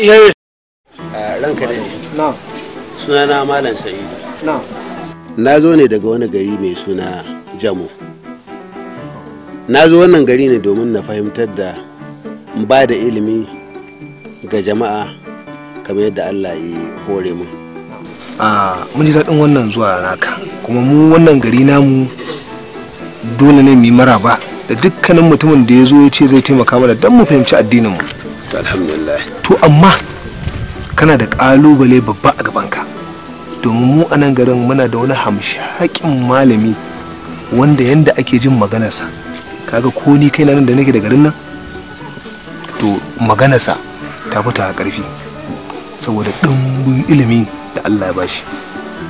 Eh, ranka da suna na malam sa'idu na zo ne daga wani gari mai suna jamu na zo wannan gari ne domin na fahimtar da ba da ilimi ga jama'a kamar yadda allah ya hore mu ah, mun ji daɗin wannan zuwa naka kuma mu wannan gari namu dole ne mu yi maraba da dukkanin mutumin da ya zo ya ce zai taimaka mana don mu fahimci addinin mu alhamdulillah to amma kana da ƙalubale babba a gabanka domin mu a nan garin muna da wani hamshakin malami wanda yanda ake jin maganarsa kaga ko ni kai nan da nake da garin nan to maganarsa ta fita a ƙarfi saboda ɗumbin ilimi da Allah ya bashi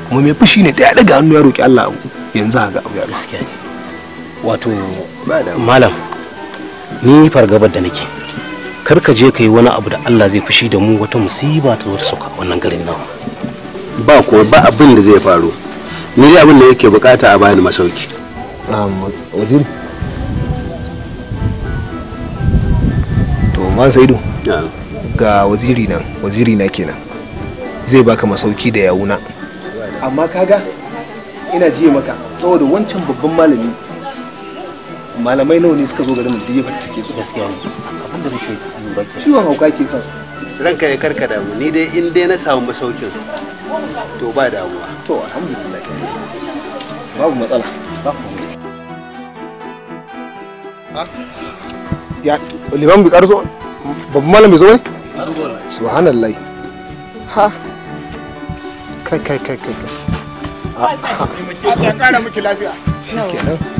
kuma mai fushi ne ɗaya daga hannu ya roƙi Allah abu yanzu haka abu ya gaskiya ne wato malam ni fargabar da nake kar ka je ka yi wani abu da Allah zai fushi da mu wata musiba ta zuwa sauka wannan garin nawa. ba ko ba abin da zai faru ni dai abin da yake bukata a bani masauki Wazir. to man saidu ga waziri nan waziri na kenan zai baka masauki da yawuna amma kaga ina jiye maka saboda wancan babban malami malamai nawa ne suka zo garin mun yabar bincike su gaskiya ne abin da rashin lura ke ciwon hauka ke sa su ranka ya karka mu ni dai in dai na samu masaukin to ba damuwa to alhamdulillah babu matsala ya liban bi karzo babban malami zo ne subhanallah ha kai kai kai kai kai ka ah, kara miki lafiya shikenan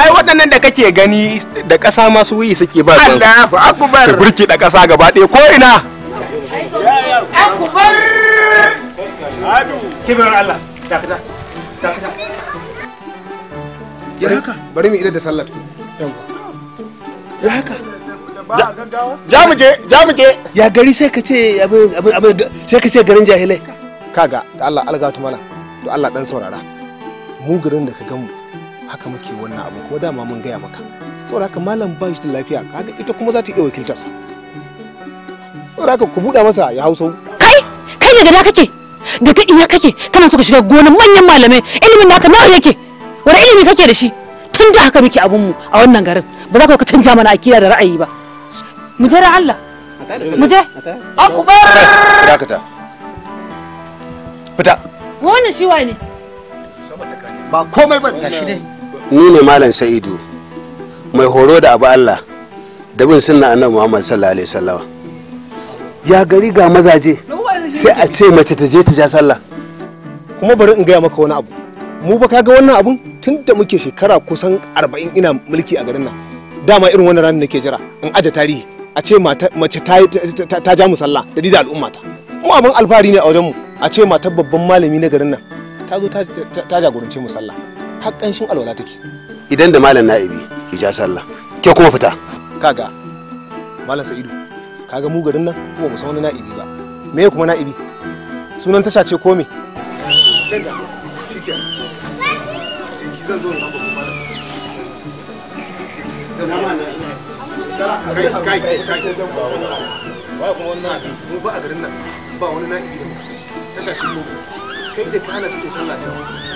ai waɗannan da kake gani da ƙasa masu wuyi suke ba su Allahu akbar su burki da ƙasa gaba ɗaya ko ina akbar kibar Allah dakata dakata ya haka bari mu ida da sallar yawa ya haka ja mu je ja mu je ya gari sai ka ce abin abin sai ka ce garin jahilai kaga da Allah alga tumala to Allah dan saurara mu garin da ka gan haka muke wannan abu ko dama mun gaya maka saboda haka malam ba shi da lafiya kaga ita kuma za ta iya wakiltar sa saboda haka ku buɗa masa ya hausau kai kai daga da kake daga ina kake kana so ka shiga gonan manyan malamai ilimin naka nawa yake wani ilimi kake da shi tun da haka muke abun mu a wannan garin ba za ka canja mana akida da ra'ayi ba mu je Allah mu je akubar ah, dakata fita wannan shi wani ba komai ba gashi dai ni ne malam sa'idu mai horo da abu allah da bin sunna annabi muhammad sallallahu alaihi wasallam ya gari ga mazaje sai a ce mace ta je ta ja sallah kuma bari in gaya maka wani abu mu ba ka ga wannan abun tun da muke shekara kusan arba'in ina mulki a garin nan dama irin wannan ranar nake jira in aje tarihi a ce mace ta ja mu sallah da al'umma al'ummata mu abin alfahari ne a wajen mu, a ce mata babban malami na garin nan ta zo ta jagorance mu sallah hakkancin alwala take idan da malam na'ibi ki ja sallah ke kuma fita kaga malam sa'idu kaga mu garin nan kuma mu san wani na'ibi ba me kuma na'ibi sunan tasha ce ko me kai kai kai ba kuma wannan mu ba a garin nan ba wani na'ibi da tasha ce ko kai da kana sallah ta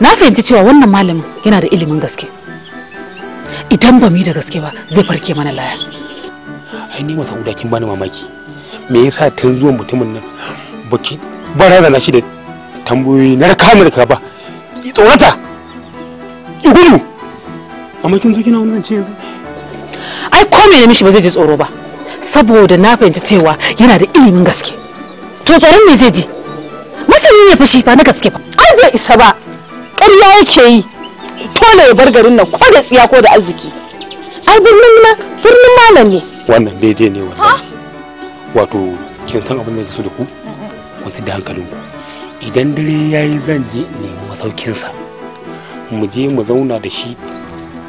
na fahimci cewa wannan malamin yana da ilimin gaske idan ba mu da gaske ba zai farke mana laya ai ni masa kin bani mamaki me yasa tun zuwan mutumin nan baki ba na shi da tambayoyi na kamar ka ba ki tsorata ki gudu amma kin zo kina wannan ce yanzu ai ko me mishi ba zai ji tsoro ba saboda na fahimci cewa yana da ilimin gaske to tsoron me zai ji masani ne fashi ba na gaske ba ai bai isa ba ƙarya yake yi dole ya bar garin nan ko da tsiya ko da arziki ai birnin ma birnin malam ne wannan daidai ne wannan wato kin san abin da yake so da ku ku da ku idan dare yayi zan je masaukin sa mu je mu zauna da shi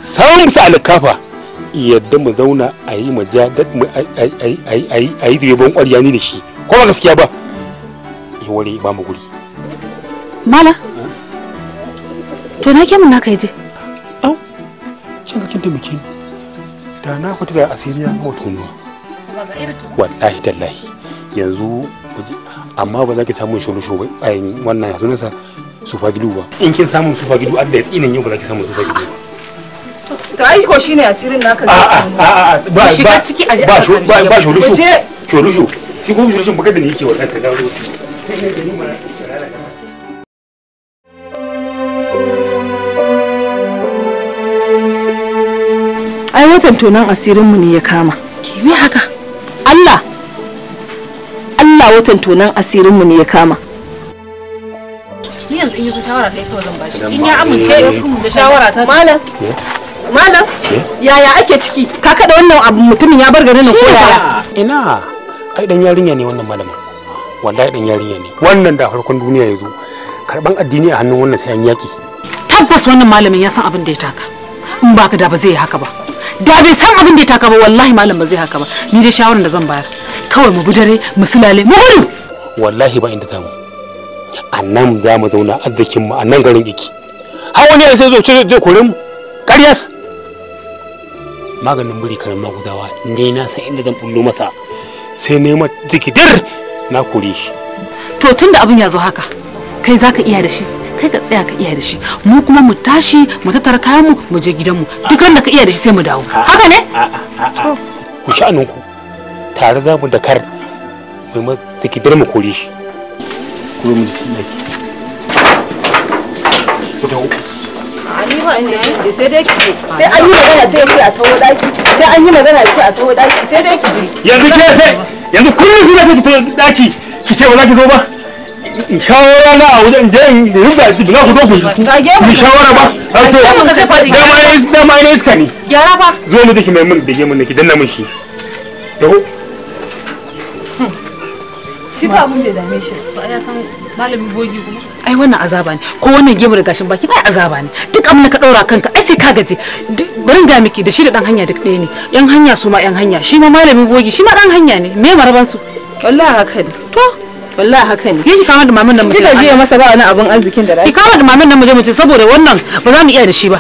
samun sa alkafa yadda mu zauna a yi majadad mu ai yi zibeban ƙwarya ni da shi ko ba gaskiya ba yi ware ba mu guri mala to na ke mun naka yaje au shin ka kinta taimake ni da na fita da asiriya ga wato hotonuwa wallahi tallahi yanzu amma ba za ki samu shuru shuru yin wannan yanzu ya sunansa sufa gidu ba in kin samu sufa gidu Allah ya tsinin yau ba za ki samu sufa gidu to ai ko shine asirin naka a a a ba shiga ciki a ba shuru ba shuru shuru shuru shi ko shuru shuru baka da ni yake wa ta dawo watan tonon asirinmu ne ya kama me haka Allah Allah watan tonon asirinmu ne ya kama ni in ya amince da eh. shawara ta malam malam yaya ake ciki ka kada wannan abu mutumin ya bar garin ko yaya ina ai dan yarinya ne wannan malama wallahi dan yarinya ne wannan da farkon duniya ya zo karban addini a hannun wannan sai an yaki tabbas wannan malamin ya san abin da ya taka in baka da ba zai yi haka ba da bai san abin da ya taka ba wallahi malam ba zai haka ba ni da shawaran da zan bayar kawai mu bi mu sulale mu gudu wallahi ba inda tamu a nan za mu zauna arzikin mu a nan garin iki har wani ya sai zo ce zai kore mu ƙaryas maganin buri karin maguzawa ne na san inda zan bullo masa sai neman zikidir na kore shi to tunda abin ya zo haka kai zaka iya da shi kai ka tsaya ka iya da shi mu kuma mu tashi mu tattara kayan mu mu je gidan mu duk da ka iya da shi sai mu dawo haka ne ku sha'anin ku tare za mu da kar mai ma saki mu kore shi ku mu ku dawo sai dai ki sai an yi magana sai ki a tawo daki sai an yi magana ce a tawo daki sai dai ki yanzu ke sai yanzu kullum sai ki tawo daki ki ce ba za ki zo ba shawara na a wajen je in ruba shi bila ku zo ku yi shawara ba a to dama ne dama ne iska ne gyara ba zo ne dake mai mun bege mun nake danna mun shi yaho shi ba abun bai dame shi ba ya san malami bogi kuma ai wannan azaba ne ko wannan gemar gashin baki ba azaba ne duk abin da ka daura kanka ai sai ka gaje bari ga miki da shi da dan hanya duk ɗaya ne yan hanya su ma yan hanya shi ma malamin bogi shi ma dan hanya ne me maraban su wallahi haka ne to wallahi haka ne ki kama da mamin nan mu kika biya masa ba wani abun arzikin da ki kama da mamin nan mu je mu ce saboda wannan ba za mu iya da shi ba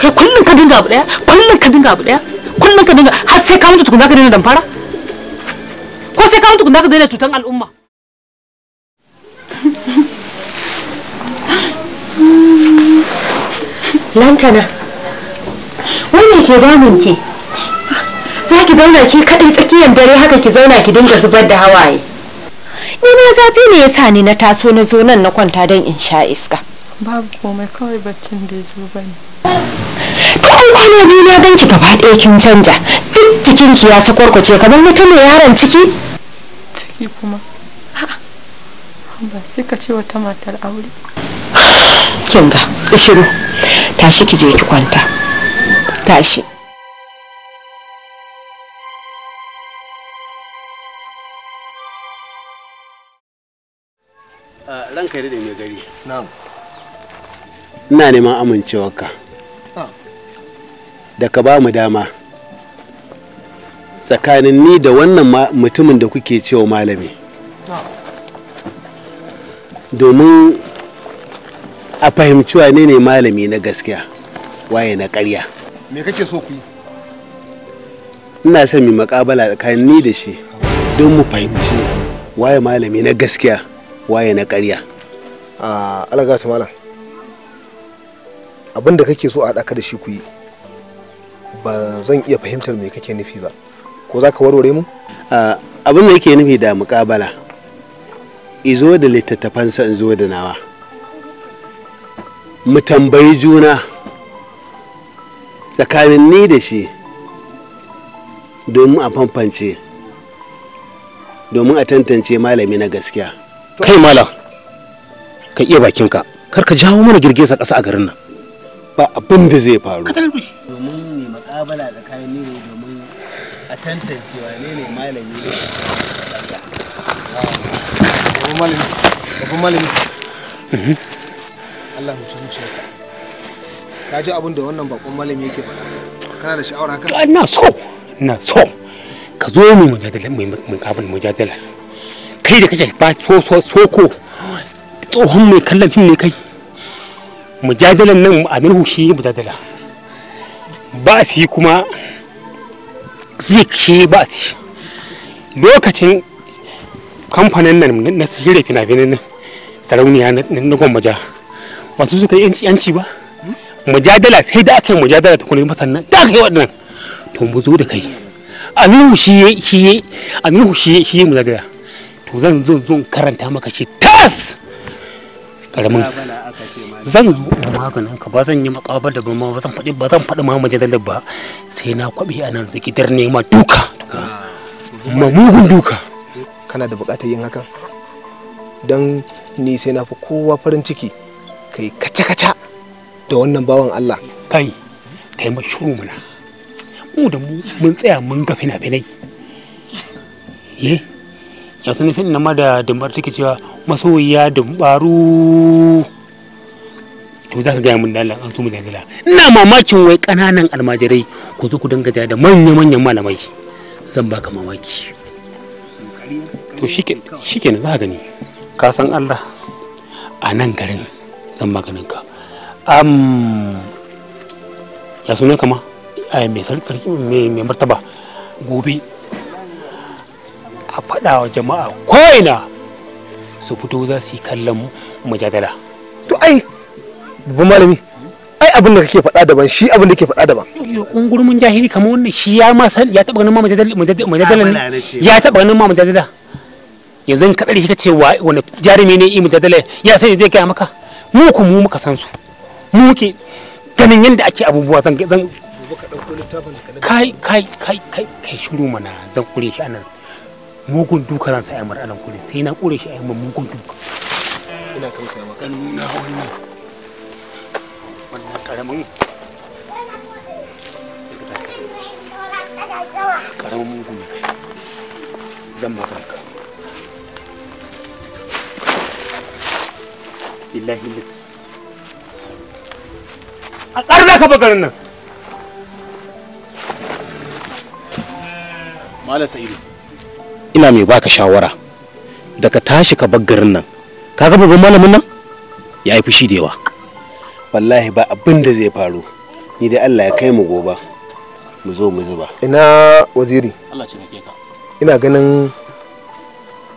kai kullun ka dinga abu daya kullun ka dinga abu daya kullun ka dinga har sai ka mutu tukun zaka daina damfara ko sai ka mutu tukun ka daina tutan al'umma lantana wai ke damun ki za ki zauna ki kadai tsakiyar dare haka ki zauna ki dinga zubar da hawaye wani zafi ne ya sa ni na taso na zo nan na kwanta don in sha iska. Babu komai kawai baccin ya zo ba ne. Ta an kwana biyu na ganki gaba ɗaya kin canja. Duk jikinki ya sakwarkwace kamar mutum mai yaron ciki. Ciki kuma. Ba sai ka ce wata matar aure. Kinga, ishiru. Tashi ki je ki kwanta. Tashi. Eh, ranka ya gari ina neman amincewarka da ka ba mu dama tsakanin ni da wannan mutumin da kuke cewa malami domin a fahimci wane ne malami na gaskiya waye na ƙarya me kake so yi ina son mai makabala tsakanin ni da shi don mu fahimci waye malami na gaskiya waye na ƙarya a alaga malam abin da kake so a haɗa da shi ku yi ba zan iya fahimtar me kake nufi ba ko za ka warware mu abin da yake nufi da muƙabala izo da littattafansa in zo da nawa mu tambayi juna tsakanin ni da shi domin a fanfance domin a tantance malami na gaskiya kai mala ka iya bakinka kar ka jawo mana girgizar ƙasa a garin nan ba abin da zai faru domin ne makabala tsakanin ne domin a tantance wane ne malami ne babban malami malami mhm. Allah hutu zuciyarka ka ji abin da wannan bakon malami yake faɗa kana da sha'awar haka ina so ina so ka zo mu mujadala mu mukabala mujadala kai da kake ba soko tsohon mai kallon fim ne kai mujadalan nan a nan shi ne mujadala ba su yi kuma zik shi ba su lokacin kamfanin nan na shirya fina-finan nan sarauniya na ba su suka yi yanci ba mujadala sai da aka yi mujadala ta kuma sannan da aka yi waɗannan to mu zo da kai nuhu shi ya yi mujadala to zan zo zo karanta maka shi tas karamin zan zo maganin ka ba zan yi makabar da ba ba zan faɗi ba zan faɗi ma ba sai na kwaɓe a nan zakidar nema duka ma mugun duka kana da buƙatar yin hakan don ni sai na fi kowa farin ciki kai kaca-kaca da wannan bawan Allah kai kai ma shuru muna mu da mu mun tsaya mun ga fina-finai ye ya sani fin nama da dumbar take cewa masoyiya dumbaru to za ka gaya min dalilan an tumu da zala ina mamakin wai kananan almajirai ku zo ku dinga jaya da manya-manyan malamai zan baka mamaki to shike ne za ka gani ka san Allah a nan garin zan maganin ka am ya sunan kama mai sarki mai martaba gobe a faɗa wa jama'a ko'ina su fito za su yi kallon mujagala to ai babban malami ai abin da kake faɗa daban shi abin da kake faɗa daban kungurmin jahili kamar wannan shi ya ma san ya taɓa ganin ma mujadala ya taɓa ganin ma mujadala yanzu in kaɗa shi kace wani jarumi ne imu mujadala ya sani zai gaya maka mu ku mu muka san su mu ke ganin yadda ake abubuwa zan kai kai kai kai kai shiru mana zan kure shi anan mugun duka ran ransa ya mar'alan kure sai na kure shi a yi mugun duka ina tausaya maka nuna wannan wannan karamin karamin mugun ne zan maka haka billahi lillahi a ƙarna ka ba garin nan malam sa'idu ina mai baka shawara da ka tashi ka bar garin nan kaga babban malamin nan ya yi fushi da yawa wallahi ba abin da zai faru ni dai Allah ya kai mu goba mu zo mu zuba ina waziri Allah ce ka ina ganin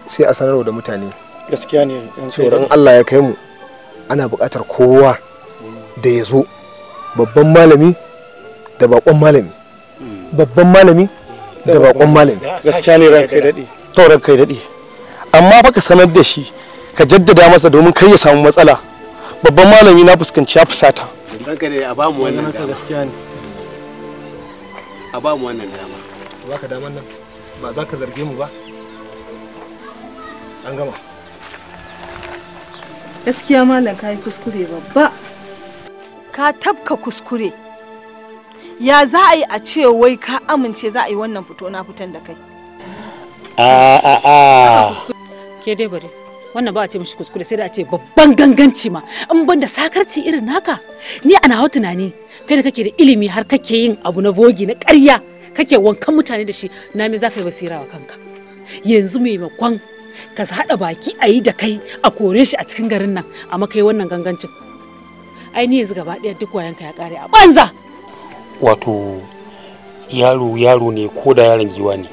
sai a sanarwa da mutane gaskiya ne tsoron Allah ya kai mu ana buƙatar kowa da ya zo babban malami da bakon malami hmm. babban malami da bakon malami gaskiya ne ranka daɗe to ranka daɗe amma baka sanar da shi ka jaddada masa domin kar ya samu matsala babban malami na fuskanci ya fusata ranka da a ba mu wannan dama gaskiya ne a ba mu wannan dama baka ka daman nan ba za ka zarge mu ba an gama gaskiya malam ka yi kuskure babba ka tabka kuskure ya za a yi a ce wai ka amince za a yi wannan fito na fitan da kai a a a ke dai bare wannan ba a ce mishi kuskure sai da a ce babban ganganci ma in ban da sakarci irin naka ni a nawa tunani kai da kake da ilimi har kake yin abu na bogi na ƙarya kake wankan mutane da shi na me za ka yi basira wa kanka yanzu makon ka haɗa baki a yi da kai a kore shi a cikin garin nan a makai wannan gangancin ai ni yanzu gaba ɗaya duk wayanka ya ƙare a banza wato yaro yaro ne ko da yaron giwa ne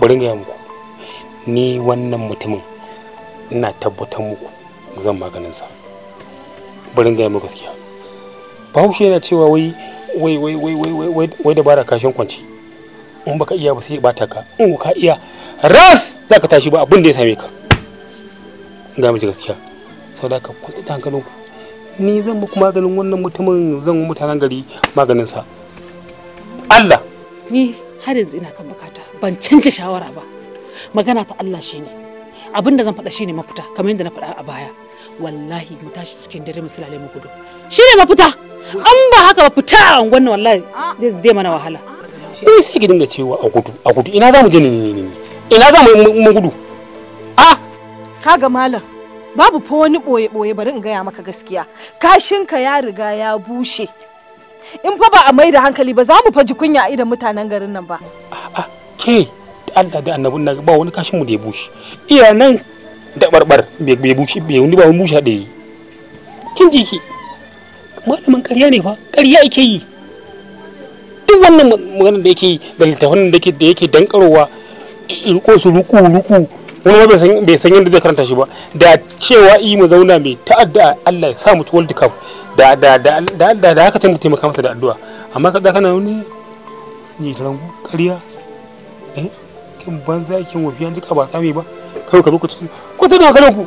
bari gaya muku ni wannan mutumin ina tabbatar muku zan maganin sa bari gaya muku gaskiya bahaushe yana cewa wai wai wai wai wai wai wai bara kashin kwanci in baka iya ba sai bata ka in ka iya ras zaka tashi ba abin da ya same ka ga miji gaskiya saboda ka kuɗi hankalinku ni zan muku maganin wannan mutumin zan mutanen gari maganin sa Allah ni har yanzu ina kan bukata ban canza shawara ba magana ta Allah shine abin da zan faɗa shine mafita kamar yadda na faɗa a baya wallahi mu tashi cikin dare mu silale mu gudu shine mafita an ba haka ba fita a unguwan wallahi zai mana wahala eh sai ki dinga cewa a gudu a gudu ina za mu je ne ne ne ina za mu gudu a ah! kaga malam babu fa wani ɓoye-ɓoye bari in gaya maka gaskiya kashinka ya riga ya bushe in fa ba a mai da hankali ba za mu faji kunya a idan mutanen garin nan ba a'a ke Allah da annabun nan ba wani kashin mu da ya bushe iya nan da barbar bai bushe bai wani ba wani bushe da yi kin ji ki malamin ƙarya ne fa ƙarya yake yi duk wannan maganar da yake da littafin da yake da yake dankarowa su ruku ruku wani ba bai san yadda zai karanta shi ba da cewa yi mu zauna mai ta'adda Allah ya sa mu ci world cup da da da haka canza taimaka masa da addu'a amma ka kana wani ne rangu ƙarya eh kin banza kin wafi an ka ba sami ba kawai ka zo ku ci ko ta daga ku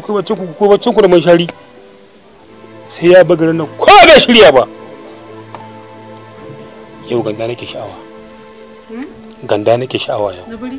ku bacci ku ku ku da man shari sai ya bagare nan ko shirya ba yau ganda nake sha'awa hmm? ganda nake sha'awa yau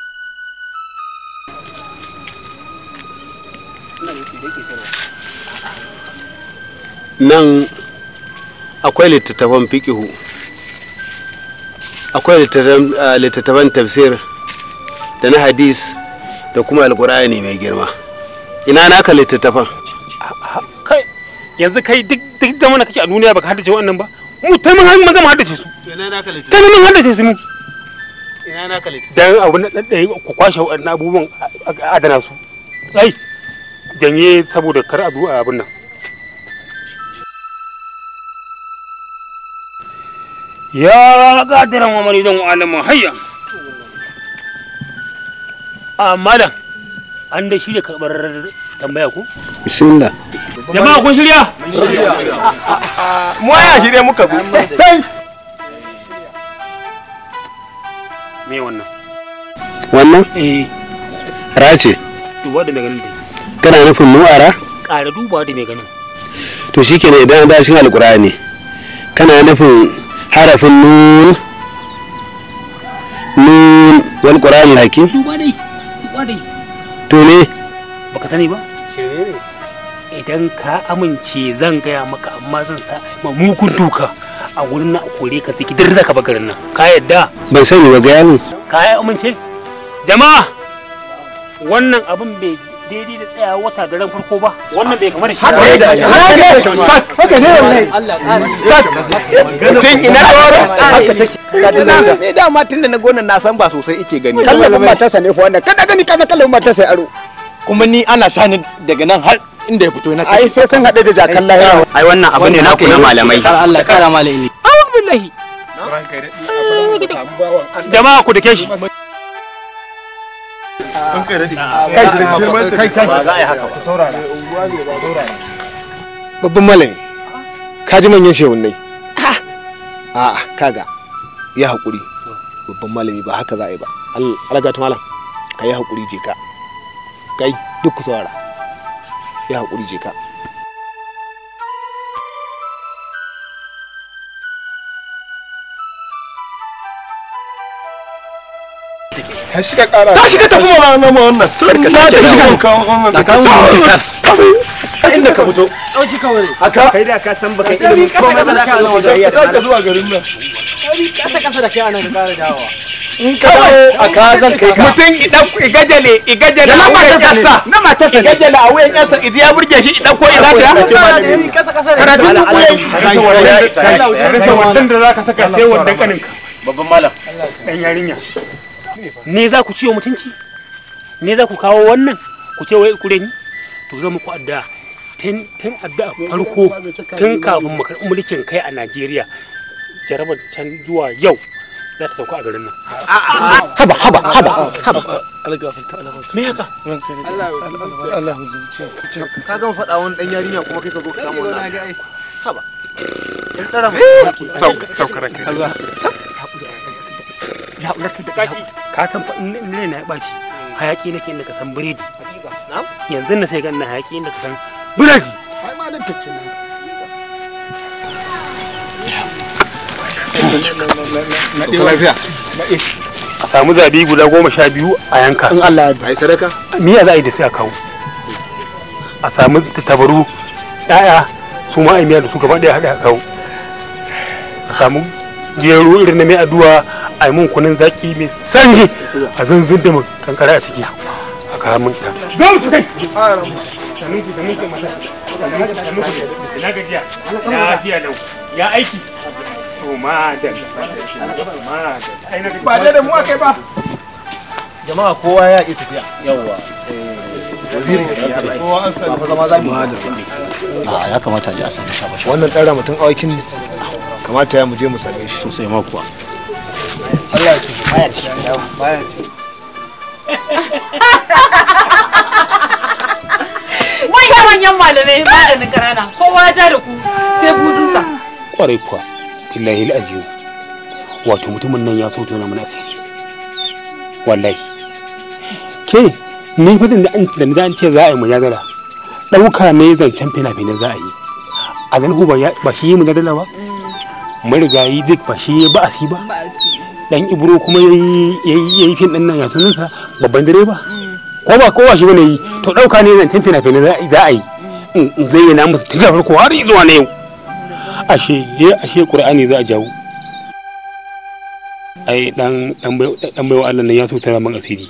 nan akwai littattafan fikihu akwai ah, littattafan tafsir da na hadis da kuma alkur'ani mai girma ina naka littattafan ah, ah, kai yanzu kai duk duk da mana kake a duniya baka haddace wannan ba mu ta mun mun haddace su ina naka littattafan ta mun haddace su mu ina naka littattafan dan abu na dan ku kwashe wannan abubuwan adana su ai janye saboda kar a abin nan ya ƙadiran wa maridan wa hayya a malam an da shirya karɓar tambaya ku bismillah jama'a kun shirya mu ya shirya muka bi me wannan wannan eh race duba da mai ganin dai kana nufin nu'ara ƙara duba da mai ganin to shikenan idan an alƙur'ani kana nufin harafin nun nun wal qur'an laki to ne baka sani ba idan ka amince zan gaya maka amma zan sa ma mukun duka a wurin na kore ka saki dir da ka bagarin nan ka yadda ban sani ba gaya ni ka amince jama'a wannan abin bai daidai da tsaya wata daren farko ba wannan bai kamar shi ba haka ne haka ne wallahi Allah ya tun ina dora haka take ka ji zance ne da ma tunda na gonan na san ba sosai yake gani kallon sa ne fa wannan kada gani kada kallon sa aro kuma ni ana sani daga nan har inda ya fito na kai sai san hade da jakan lahiya ai wannan abu ne na na malamai Allah kara malai Allah billahi jama'a ku dake shi shi babban malami ka ji manyan shehunnai a ah. kaga ya haƙuri babban malami ba haka za a yi ba alaga ta malam ka yi haƙuri je ka kai duk saurara ya haƙuri je ka ta shiga kara ta shiga tafi mana nan ma wannan sai ka sai ka shiga wannan da ka wannan kas inda ka fito dauki kawai haka kai da ka san baka ilimin komai ba ka zo da iya ka zuwa garin nan kai kasa kasa da kai anan ka kara dawowa in ka dawo a kazan kai ka mutum idan igajale igajale na matarsa na matarsa igajale a wayan yarsa idi ya burge shi idan ko idan ta kasa kasa da karatu ku yayi kai wannan da zaka saka sai wannan kanin babban malam dan yarinya ne za ku ciwo mutunci ne za ku kawo wannan ku ce wai kure ni to zan muku addu'a tun addu'a farko tun kafin mu karɓi mulkin kai a Najeriya jarabar can zuwa yau za ta sauka a garin nan haba haba haba haba Allah ya ya ka san fa in ne na baci hayaki nake inda ka san biredi yanzu na sai ga ina hayaki inda ka san biredi ai ma nan take nan a samu zabi guda goma sha biyu a yanka in Allah ya bai sadaka me ya za a yi da sai a kawo a samu tabaru ya'ya su ma a miya da su gaba daya hada a kawo a samu jeru irin na mai aduwa. a yi mun kunin zaki mai sanyi a zanzun da mun kankara a ciki a kawo mun ta don su kai ya aiki to ma da ba da da mu ba jama'a kowa ya tafiya yawwa ya kamata a ji a sami shabashi wannan tsara mutum awakin kamata ya mu je mu same shi sosai ma kuwa Allah ki baya cikin dawo baya cikin manya manyan malamai ba da karana kowa ja da ku sai buzunsa kwarai kuwa billahi al'ajiyu wato mutumin nan ya fito na mana asiri wallahi ke ni fadin da an da an ce za a yi mujadala ɗauka ne zancen fina-finan za a yi a ganin ba shi yi mujadala ba mm. marigayi zik ba shi ba a si ba dan ibro kuma yayi yayi fin din nan ya sa babban direba ko ba kowa shi bane yi to dauka ne zancen fina-finai za a yi in zayyana musu tun farko har zuwa na yau ashe ye ashe qur'ani za a jawo ai dan dan baiwa Allah nan ya so tara man asiri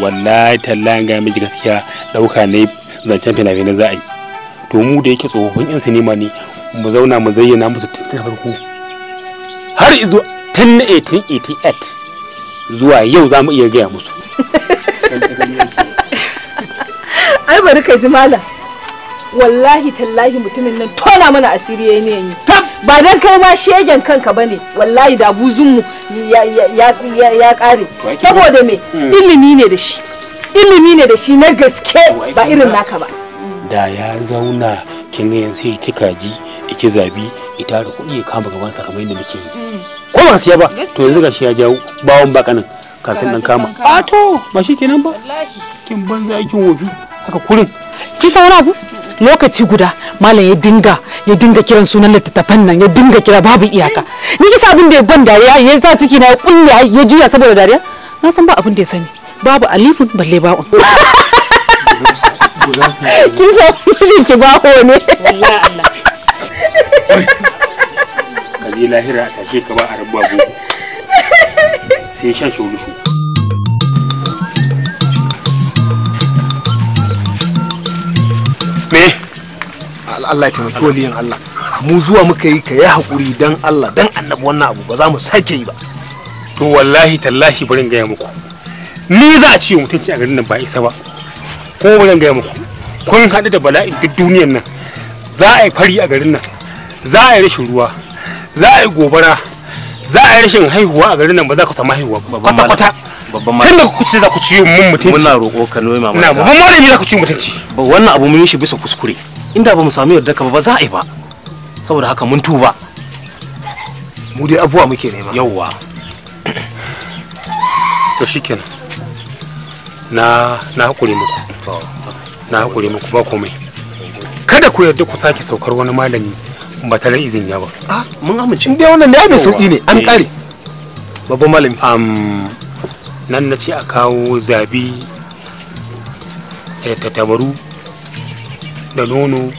wallahi tallan ga miji gaskiya dauka ne zancen fina-finai za a yi to mu da yake tsofaffin yan sinima ne mu zauna mu zayyana musu tun farko har izo tun na 1888 zuwa yau za mu iya gaya musu ai bari ka ji malam wallahi tallahi mutumin nan tona mana asiri ya ne yi ba dan kai ma shegen kanka bane wallahi da buzun ya ƙare. kare saboda me hmm. ilimi ne da shi ilimi ne da shi na gaske ba irin naka ba da ya zauna kin sai kika ji ike zabi ita da kuɗi ya kama gaban sa kamar yadda muke yi mm. ko ba siya ba to yanzu gashi ya jawo bawon bakanin kafin dan kama a to ba shi kenan ba kin banza aikin wofi haka kurin ki san wani abu mm. lokaci guda malam ya dinga ya dinga kiran sunan littattafan nan ya dinga kira babu iyaka ni kisa abin da ya ban dariya ya sa ciki na ya kulle ya juya saboda dariya na san ba abin da ya sani babu alifin balle babu kin san ba ko ne ka je lahira a tashe ka ba a rabuwa boko sai shan sholushu me Allah ya taimaki waliyin Allah mu zuwa muka yi ka yi haƙuri dan Allah dan annabi wannan abu ba za mu sake yi ba to wallahi tallahi barin gaya muku ni za a ciwo mutunci a garin nan ba isa ba ko barin gaya muku kun haɗu da bala'in duk duniyar nan za a yi fari a garin nan za a yi rashin ruwa za a yi gobara za a yi rashin haihuwa a garin nan ba za ka samu haihuwa kwata kwata tun da kuce za ku yi mun mutunci muna roƙo ka noyi mamaka na babban malami za ku ciyo mutunci wannan abu mun yi shi bisa kuskure inda ba mu samu yarda ka ba za a yi ba saboda haka mun tuba mu dai abuwa muke nema yauwa to shikenan na na hakuri muku na hakuri muku ba komai kada ku yarda ku sake saukar wani malami ba tare da ya ba ah mun amince Inda wannan ne mai sauki ne an kare eh. babban malami am nan na ce a kawo zabi da eh, tattabaru da nono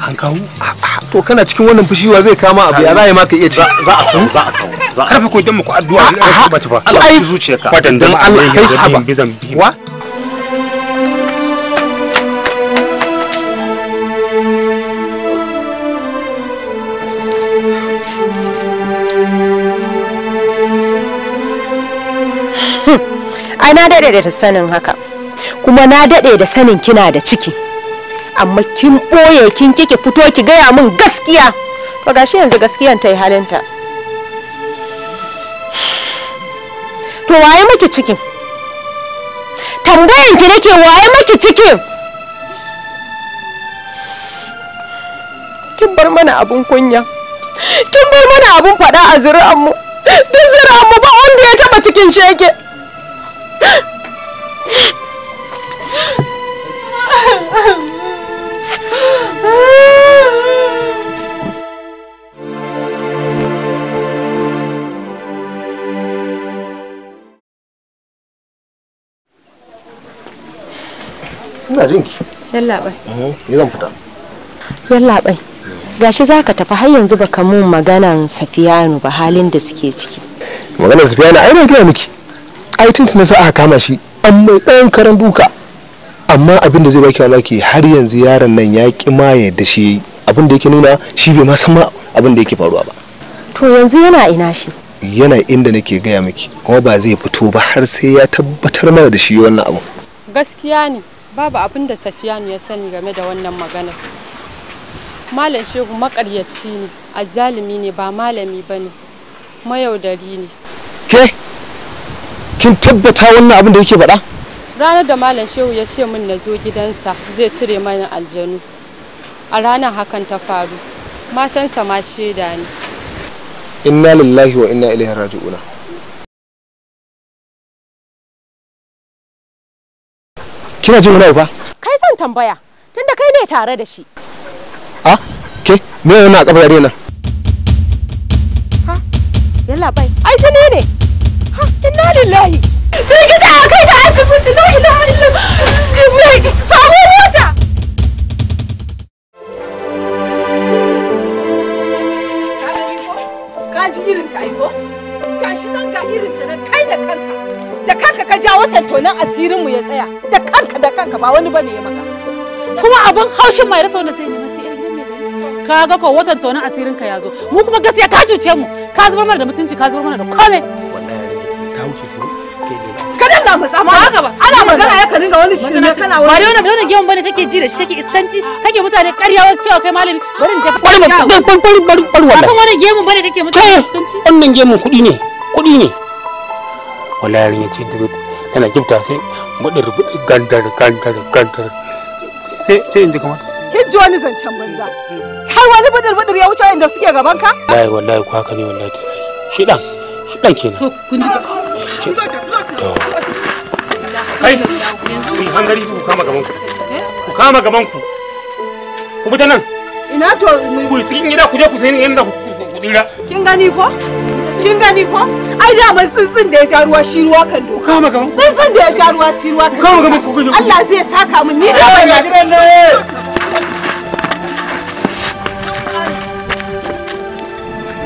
an kawo ah, to kana cikin wannan fushiwa zai kama abu ya zai maka iya ci za a kawo za a kawo karfe ko idan muku addu'a ba ta ba Allah ya zuciyarka dan Allah kai haba wa na daɗe da sanin haka kuma na daɗe da sanin kina da ciki amma kin ɓoye kin kike fito ki gaya min gaskiya to gashi yanzu gaskiyan ta yi halinta to waye maki cikin tambayan ki nake waye maki cikin kin bar mana abun kunya kin bar mana abun faɗa a zuri'an mu duk zuri'an mu ba wanda ya taba cikin sheke. ina jin ki. Yallaɓai. Eh, ni zan fita. Yallaɓai. Gashi za ka tafi har yanzu baka mun maganan Safiyanu ba halin da suke ciki. Maganar Safiyanu ai na gaya miki. ai na tunan aka kama shi an mai ɗan karan duka amma abin da zai baki alaki har yanzu yaron nan ya ki ma da shi abin da yake nuna shi bai ma san ma abin da yake faruwa ba to yanzu yana ina shi yana inda nake gaya miki kuma ba zai fito ba har sai ya tabbatar mana da shi wannan abu gaskiya ne babu abin da safiyanu ya sani game da wannan maganar malam shehu makaryaci ne azzalimi ne ba malami bane mayaudari ne ke kin tabbata wannan abin da yake faɗa ranar da malam shehu ya ce min na zo gidansa zai cire mana aljanu a ranar hakan ta faru matansa ma shaida ne inna lillahi wa inna ilaihi raji'una kina jin wani ba kai zan tambaya tunda kai ne tare da shi a ah, ke me yana a yare nan ha yalla bai ai ne inna lillahi sai ki da kai ka asibiti la ilaha illallah samu mota ka ji irin ka aiko gashi nan ga irin ta nan kai da kanka da kanka ka jawo tantonan asirin mu ya tsaya da kanka da kanka ba wani bane ya maka kuma abin haushin mai rasa wanda sai ne sai irin mai gari kaga ko watan tonan asirin ka yazo mu kuma gaskiya ka cuce mu ka zubar mana da mutunci ka zubar mana da komai ka wuce ko sai ne ka dinga mutsa ma haka ba ana magana ya ka dinga wani shirme kana wani ba dai wannan bane kake ji da shi kake iskanci kake mutane karyawa cewa kai malami bari in je bari bari bari bari bari kan gemun bane kake mutane iskanci wannan gemun kuɗi ne kuɗi ne wallahi yarinya ce tana sai gudun rubutu gandar gandar gandar sai sai in ji kamar kin ji wani zancen banza har wani budur budur ya wuce inda suke gaban ka wallahi wallahi ko haka ne wallahi shi dan shi dan kenan kun ji kai ku kama gaban ku kama gaban ku ku nan ina to ku cikin gida ku je ku ku dira kin gani ko kin gani ko ai da mun sunsun da ya ja ruwa shi ruwa kan doka kama gaban tsuntsun da ya ja ruwa shi ruwa kan kama ku Allah zai saka mun ni da wannan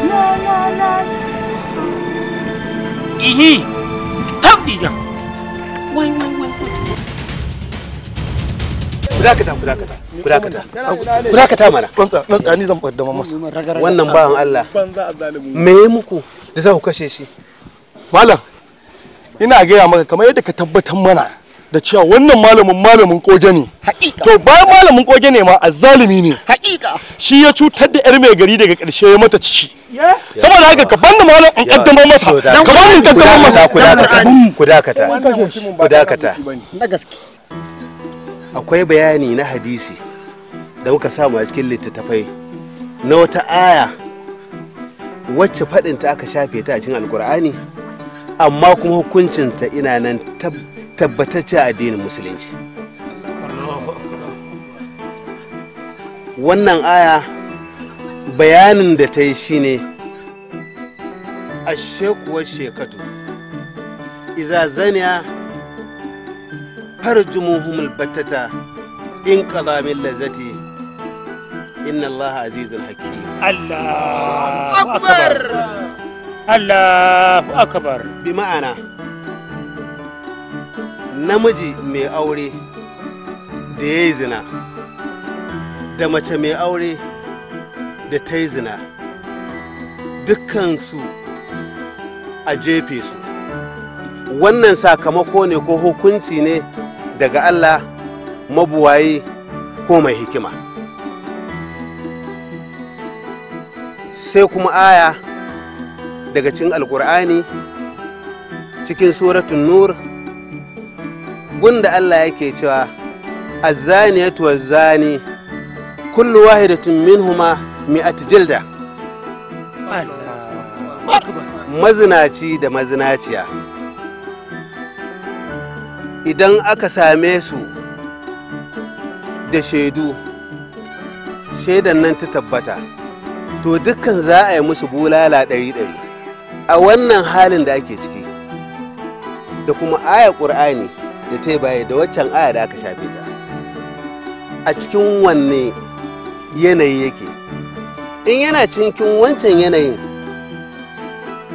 Na na ihi tabdi jan wai wai wai kudakata kudakata kudakata kudakata mana tsantsa tsantsa ni zan fadda masa wannan bawan Allah me muku da za ku kashe shi malam ina gaya maka kamar yadda ka tabbatar mana da cewa wannan malamin malamin koge ne to bayan malamin koge ne ma azzalimi ne haƙiƙa shi ya cutar da yar mai gari daga ƙarshe ya mata ciki saboda haka ka banda malam in kaddamar masa ka bani in kaddamar masa ku dakata ku dakata ku dakata na gaske akwai bayani na hadisi da muka samu a cikin littattafai na wata aya wacce faɗinta aka shafe ta a cikin alkur'ani amma kuma hukuncinta ina nan tabbata tabbatacce addinin musulunci wannan aya bayanin da ta yi shine ashekuwar shekatu iza zaniya farjumuhumul battata in min lazati inna allaha azizul hakim allahu akbar allahu akbar bi ma'ana namiji mai aure da ya yi zina da mace mai aure da ta yi zina dukkansu a jefe su wannan sakamako ne ko hukunci ne daga allah mabuwayi ko mai hikima sai kuma aya daga cin alkur'ani cikin suratun nur da Allah yake cewa a zani ya tuwa zani kullu tun minhuma mi'at jilda mazinaci da mazinaciya idan aka same su da shaidu shaidan nan ta tabbata to dukkan za a yi musu bulala ɗari-ɗari a wannan halin da ake ciki da kuma aya ƙur'ani da ta baya da waccan aya da aka shafe ta a cikin wanne yanayi yake in yana cikin wancan yanayin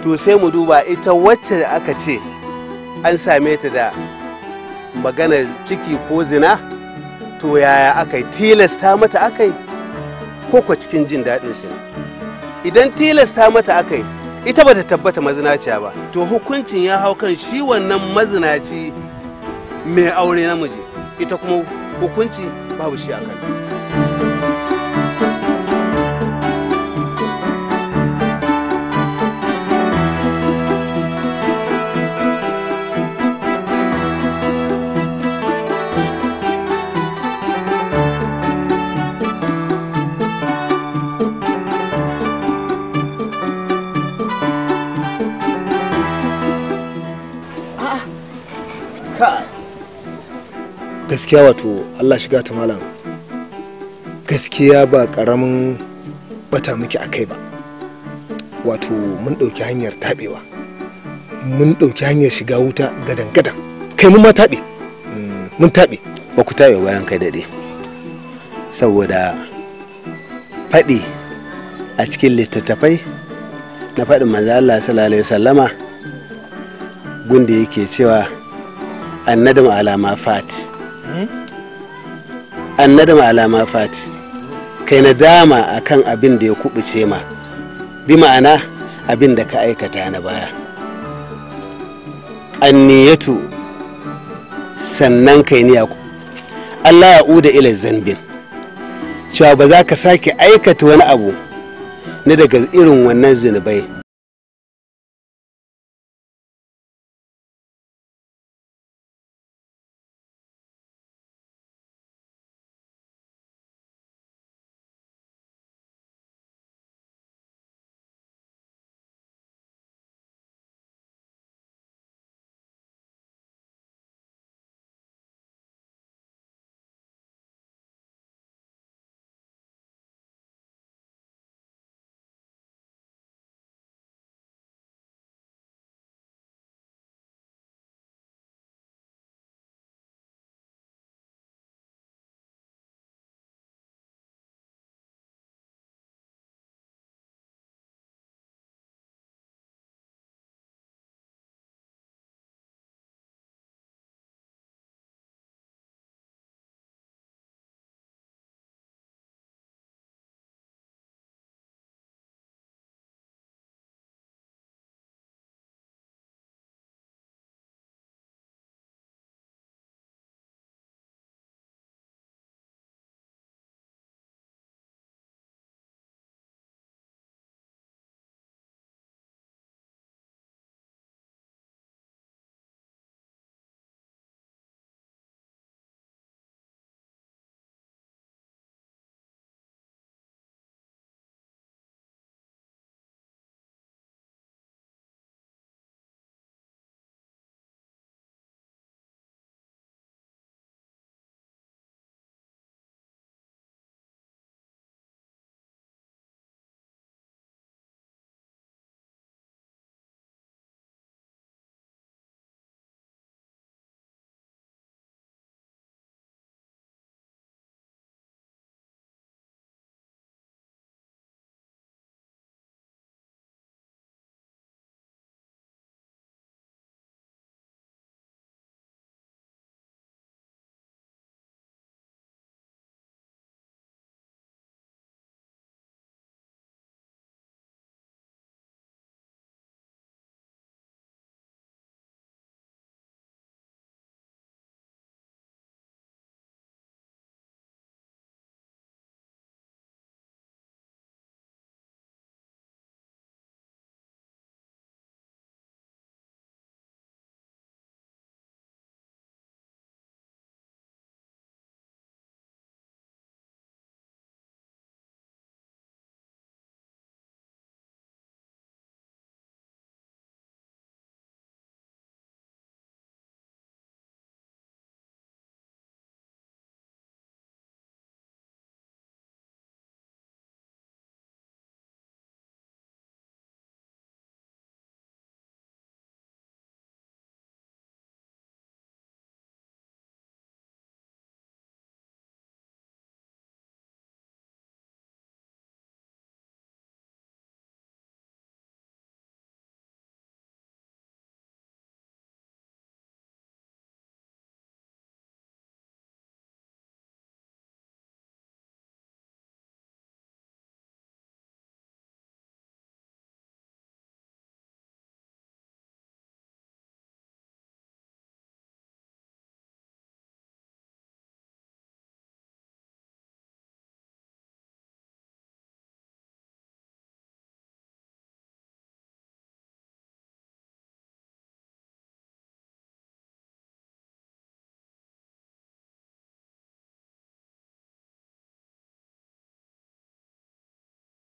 to sai mu duba ita wacce aka ce an same ta da maganar ciki ko zina to yaya aka yi tilasta mata aka yi koko cikin jin daɗin su idan tilasta mata aka yi ita bata tabbata mazinaciya ba to hukuncin ya hau kan shi wannan mazinaci mai aure namiji ita kuma hukunci babu shi a kai gaskiya wato allah shiga ta malam gaskiya ba karamin bata muke a kai ba wato mun ɗauki hanyar taɓewa mun ɗauki hanyar shiga wuta gadan dangada kai mun ma taɓe mun taɓe ba ku taɓe bayan kai daɗe saboda faɗi a cikin littattafai na faɗin manzo Allah sallallahu alaihi wasallama gunda yake cewa annadam alama fati an nadama alama fati kai nadama akan abin da ya kubuce ma bi ma'ana abin da ka aikata na baya anniyatu sannan kai niya Allah ya uda ila zanbin cewa ba za ka sake aikata wani abu na daga irin wannan zunubai